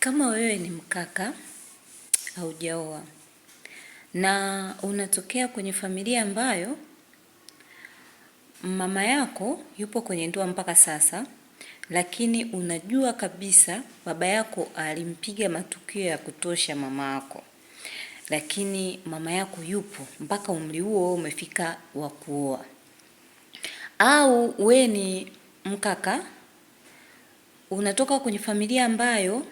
Kama wewe ni mkaka haujaoa na unatokea kwenye familia ambayo mama yako yupo kwenye ndoa mpaka sasa, lakini unajua kabisa baba yako alimpiga matukio ya kutosha mama yako, lakini mama yako yupo mpaka umri huo umefika wa kuoa, au we ni mkaka unatoka kwenye familia ambayo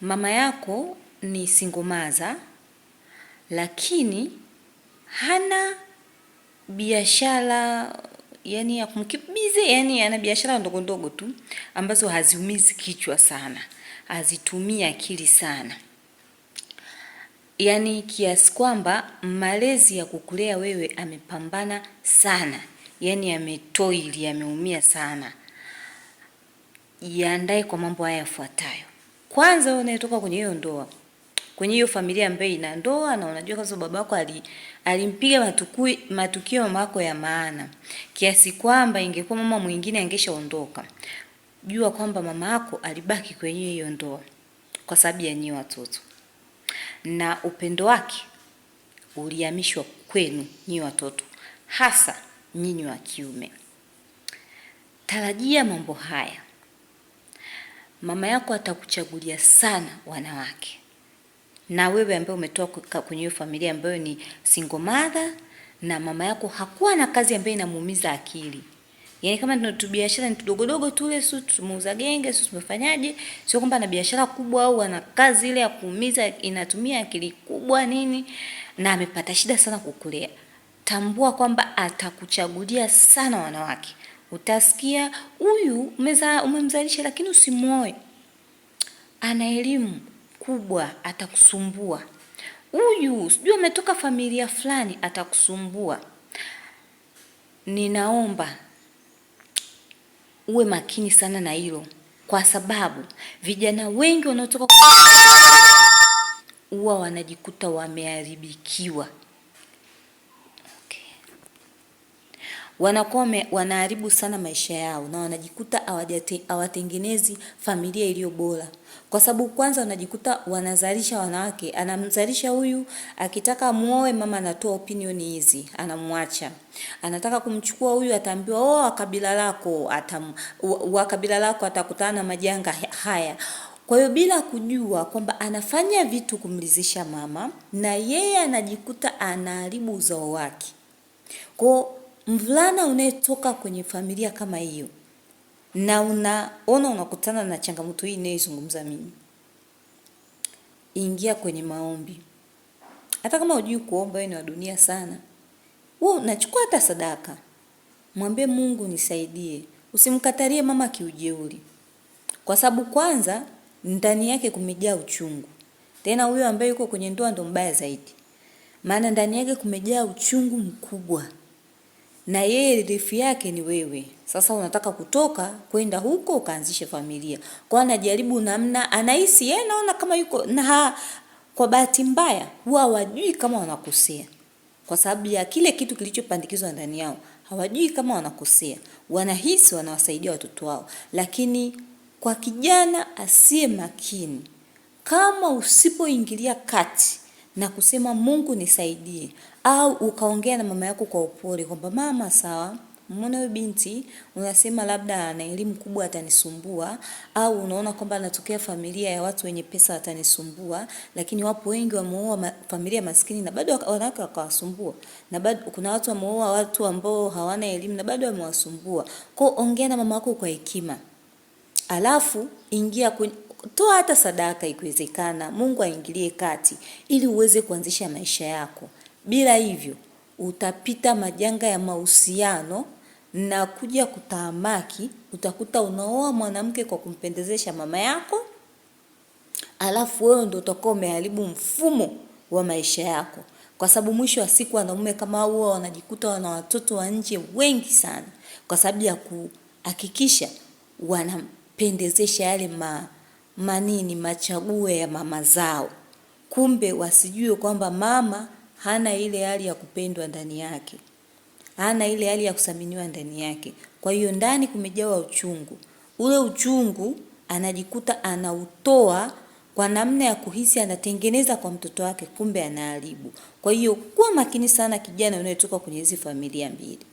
mama yako ni singomaza lakini hana biashara yani ya kumkibize, yani ana biashara ndogo ndogo tu ambazo haziumizi kichwa sana, hazitumii akili sana, yani kiasi kwamba malezi ya kukulea wewe amepambana sana, yani ametoili, ameumia sana. yaandae kwa mambo haya yafuatayo. Kwanza wewe unayetoka kwenye hiyo ndoa, kwenye hiyo familia ambayo ina ndoa na unajua kwa sababu babako ali, alimpiga matukui matukio mako ya maana kiasi kwamba ingekuwa mama mwingine angeshaondoka. Jua kwamba mama yako alibaki kwenye hiyo ndoa kwa sababu ya nyinyi watoto, na upendo wake ulihamishwa kwenu nyinyi watoto, hasa nyinyi wa kiume. Tarajia mambo haya mama yako atakuchagulia sana wanawake, na wewe ambaye umetoka kwenye hiyo familia ambayo ni single mother na mama yako hakuwa na kazi ambayo inamuumiza akili Yaani kama tu biashara ni tudogodogo tule, sio tumeuza genge, sio tumefanyaje, sio kwamba ana biashara kubwa au ana kazi ile ya kuumiza inatumia akili kubwa nini, na amepata shida sana kukulea. Tambua kwamba atakuchagulia sana wanawake. Utasikia huyu umemzalisha, lakini usimwoe, ana elimu kubwa, atakusumbua. Huyu sijui ametoka familia fulani, atakusumbua. Ninaomba uwe makini sana na hilo, kwa sababu vijana wengi wanaotoka huwa wanajikuta wameharibikiwa. wanakome wanaharibu sana maisha yao na wanajikuta hawatengenezi familia iliyo bora, kwa sababu kwanza wanajikuta wanazalisha wanawake, anamzalisha huyu, akitaka muoe, mama anatoa opinion hizi, anamwacha. Anataka kumchukua huyu, ataambiwa oh, kabila lako, atam, wa kabila lako atakutana na majanga haya. Kwa hiyo bila kujua kwamba anafanya vitu kumridhisha mama, na yeye anajikuta anaharibu uzao wake kwa mvulana unayetoka kwenye familia kama hiyo na unaona unakutana na changamoto hii inayoizungumza mimi, ingia kwenye maombi. Hata kama hujui kuomba, wewe ni wa dunia sana, wewe unachukua hata sadaka, mwambie Mungu nisaidie. Usimkatarie mama kiujeuri, kwa sababu kwanza ndani yake kumejaa uchungu. Tena huyo ambaye yuko kwenye ndoa ndo mbaya zaidi, maana ndani yake kumejaa uchungu mkubwa na yeye rifu yake ni wewe. Sasa unataka kutoka kwenda huko ukaanzishe familia, kwa anajaribu namna, anahisi yeye, naona kama yuko na ha, kwa bahati mbaya huwa wajui kama wanakosea kwa sababu ya kile kitu kilichopandikizwa ndani yao, hawajui kama wanakosea, wanahisi wanawasaidia watoto wao. Lakini kwa kijana asiye makini, kama usipoingilia kati na kusema Mungu nisaidie, au ukaongea na mama yako kwa upole kwamba mama, sawa Mbona huyo binti unasema labda ana elimu kubwa atanisumbua, au unaona kwamba anatokea familia ya watu wenye pesa atanisumbua, lakini wapo wengi wameoa ma, familia maskini na bado wanawake wakawasumbua, na bado kuna watu wameoa watu ambao hawana elimu na bado wamewasumbua. Kwao ongea na mama wako kwa hekima, alafu ingia kwenye toa hata sadaka ikiwezekana, Mungu aingilie kati ili uweze kuanzisha maisha yako. Bila hivyo utapita majanga ya mahusiano na kuja kutamaki. Utakuta unaoa mwanamke kwa kumpendezesha mama yako, alafu wewe ndio utakuwa umeharibu mfumo wa maisha yako, kwa sababu mwisho wa siku wanaume kama huo wanajikuta wana watoto wa nje wengi sana, kwa sababu ya kuhakikisha wanampendezesha yale mama manini machaguo ya mama zao, kumbe wasijue kwamba mama hana ile hali ya kupendwa ndani yake, hana ile hali ya kusaminiwa ndani yake. Kwa hiyo ndani kumejawa uchungu, ule uchungu anajikuta anautoa kwa namna ya kuhisi anatengeneza kwa mtoto wake, kumbe anaharibu. Kwa hiyo kuwa makini sana, kijana unayetoka kwenye hizi familia mbili.